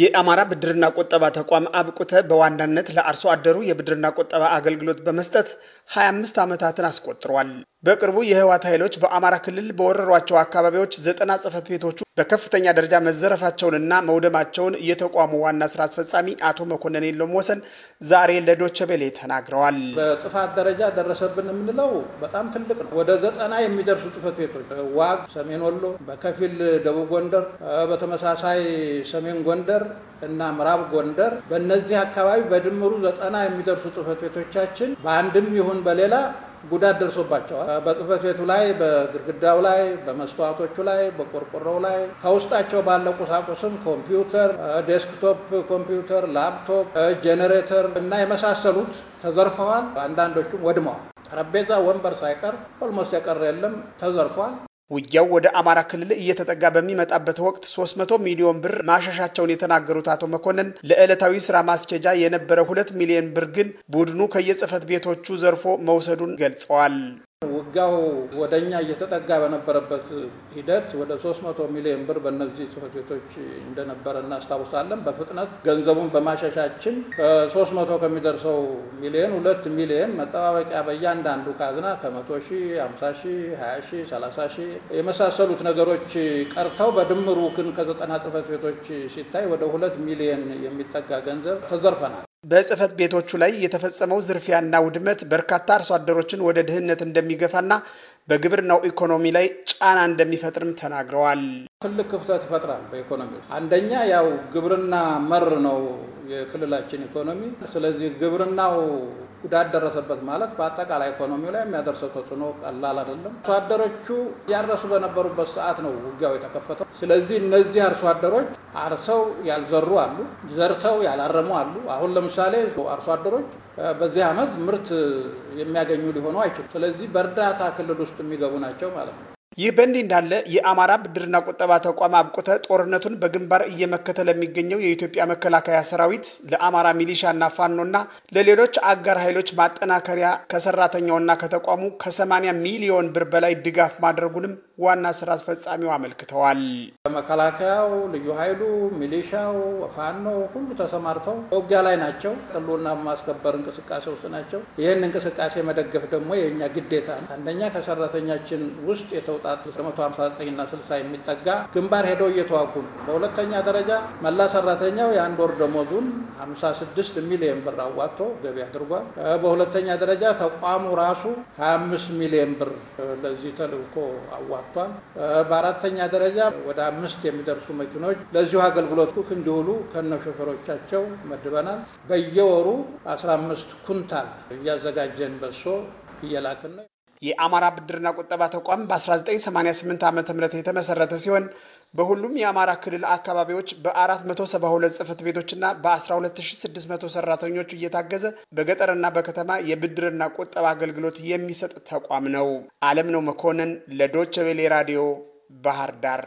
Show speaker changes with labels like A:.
A: የአማራ ብድርና ቁጠባ ተቋም አብቁተ በዋናነት ለአርሶ አደሩ የብድርና ቁጠባ አገልግሎት በመስጠት 25 ዓመታትን አስቆጥሯል። በቅርቡ የህወሓት ኃይሎች በአማራ ክልል በወረሯቸው አካባቢዎች ዘጠና ጽህፈት ቤቶቹ በከፍተኛ ደረጃ መዘረፋቸውንና መውደማቸውን የተቋሙ ዋና ስራ አስፈጻሚ አቶ መኮንን የለውም ወሰን ዛሬ ለዶቸቤሌ ተናግረዋል።
B: በጥፋት ደረጃ ደረሰብን የምንለው በጣም ትልቅ ነው። ወደ ዘጠና የሚደርሱ ጽህፈት ቤቶች ዋግ፣ ሰሜን ወሎ፣ በከፊል ደቡብ ጎንደር፣ በተመሳሳይ ሰሜን ጎንደር እና ምዕራብ ጎንደር በእነዚህ አካባቢ በድምሩ ዘጠና የሚደርሱ ጽህፈት ቤቶቻችን በአንድም ይሁን በሌላ ጉዳት ደርሶባቸዋል። በጽህፈት ቤቱ ላይ፣ በግድግዳው ላይ፣ በመስተዋቶቹ ላይ፣ በቆርቆሮው ላይ ከውስጣቸው ባለ ቁሳቁስም ኮምፒውተር፣ ዴስክቶፕ ኮምፒውተር፣ ላፕቶፕ፣ ጄኔሬተር እና የመሳሰሉት ተዘርፈዋል። አንዳንዶቹም ወድመዋል። ጠረጴዛ፣ ወንበር ሳይቀር ኦልሞስት የቀረ የለም ተዘርፏል።
A: ውጊያው ወደ አማራ ክልል እየተጠጋ በሚመጣበት ወቅት 300 ሚሊዮን ብር ማሻሻቸውን የተናገሩት አቶ መኮንን ለዕለታዊ ስራ ማስኬጃ የነበረ 2 ሚሊዮን ብር ግን ቡድኑ ከየጽህፈት
B: ቤቶቹ ዘርፎ መውሰዱን ገልጸዋል። ውጋው ወደ እኛ እየተጠጋ በነበረበት ሂደት ወደ 300 ሚሊዮን ብር በእነዚህ ጽህፈት ቤቶች እንደነበረ እናስታውሳለን። በፍጥነት ገንዘቡን በማሻሻችን ከ300 ከሚደርሰው ሚሊዮን ሁለት ሚሊዮን መጠባበቂያ በእያንዳንዱ ካዝና ከ100 ሺህ፣ 50 ሺህ፣ 20 ሺህ፣ 30 የመሳሰሉት ነገሮች ቀርተው በድምሩ ግን ከዘጠና ጽህፈት ቤቶች ሲታይ ወደ ሁለት ሚሊዮን የሚጠጋ ገንዘብ ተዘርፈናል። በጽህፈት ቤቶቹ ላይ የተፈጸመው ዝርፊያና
A: ውድመት በርካታ አርሶ አደሮችን ወደ ድህነት እንደሚገፋና በግብርናው ኢኮኖሚ ላይ ጫና እንደሚፈጥርም ተናግረዋል። ትልቅ ክፍተት ይፈጥራል።
B: በኢኮኖሚ አንደኛ ያው ግብርና መር ነው የክልላችን ኢኮኖሚ። ስለዚህ ግብርናው ጉዳት ደረሰበት ማለት በአጠቃላይ ኢኮኖሚው ላይ የሚያደርሰው ተጽዕኖ ቀላል አይደለም። አርሶ አደሮቹ ያረሱ በነበሩበት ሰዓት ነው ውጊያው የተከፈተው። ስለዚህ እነዚህ አርሶ አደሮች አርሰው ያልዘሩ አሉ፣ ዘርተው ያላረሙ አሉ። አሁን ለምሳሌ አርሶ አደሮች በዚህ ዓመት ምርት የሚያገኙ ሊሆኑ አይችሉም። ስለዚህ በእርዳታ ክልል ውስጥ የሚገቡ ናቸው ማለት ነው። ይህ
A: በእንዲህ እንዳለ የአማራ ብድርና ቁጠባ ተቋም አብቁተ ጦርነቱን በግንባር እየመከተ ለሚገኘው የኢትዮጵያ መከላከያ ሰራዊት ለአማራ ሚሊሻና ፋኖና ለሌሎች አጋር ኃይሎች ማጠናከሪያ ከሰራተኛውና ከተቋሙ ከ80 ሚሊዮን ብር በላይ ድጋፍ ማድረጉንም
B: ዋና ስራ አስፈጻሚው አመልክተዋል። መከላከያው፣ ልዩ ኃይሉ፣ ሚሊሻው፣ ፋኖ ሁሉ ተሰማርተው በውጊያ ላይ ናቸው። ጥሉና በማስከበር እንቅስቃሴ ውስጥ ናቸው። ይህን እንቅስቃሴ መደገፍ ደግሞ የእኛ ግዴታ ነው። አንደኛ ከሰራተኛችን ውስጥ የተውጣ ከ እና 60 የሚጠጋ ግንባር ሄደው እየተዋጉ ነው። በሁለተኛ ደረጃ መላ ሰራተኛው የአንድ ወር ደሞዙን 56 ሚሊዮን ብር አዋጥቶ ገቢ አድርጓል። በሁለተኛ ደረጃ ተቋሙ ራሱ 25 ሚሊዮን ብር ለዚህ ተልእኮ አዋጥቷል። በአራተኛ ደረጃ ወደ አምስት የሚደርሱ መኪኖች ለዚሁ አገልግሎት እንዲውሉ ከነ ሾፌሮቻቸው መድበናል። በየወሩ 15 ኩንታል እያዘጋጀን በሶ እየላክን ነው። የአማራ ብድርና ቁጠባ ተቋም በ1988
A: ዓ ም የተመሰረተ ሲሆን በሁሉም የአማራ ክልል አካባቢዎች በ472 ጽህፈት ቤቶችና በ12600 ሰራተኞች እየታገዘ በገጠርና በከተማ የብድርና ቁጠባ አገልግሎት የሚሰጥ ተቋም ነው። አለም ነው መኮንን ለዶቸ ቬሌ ራዲዮ ባህር ዳር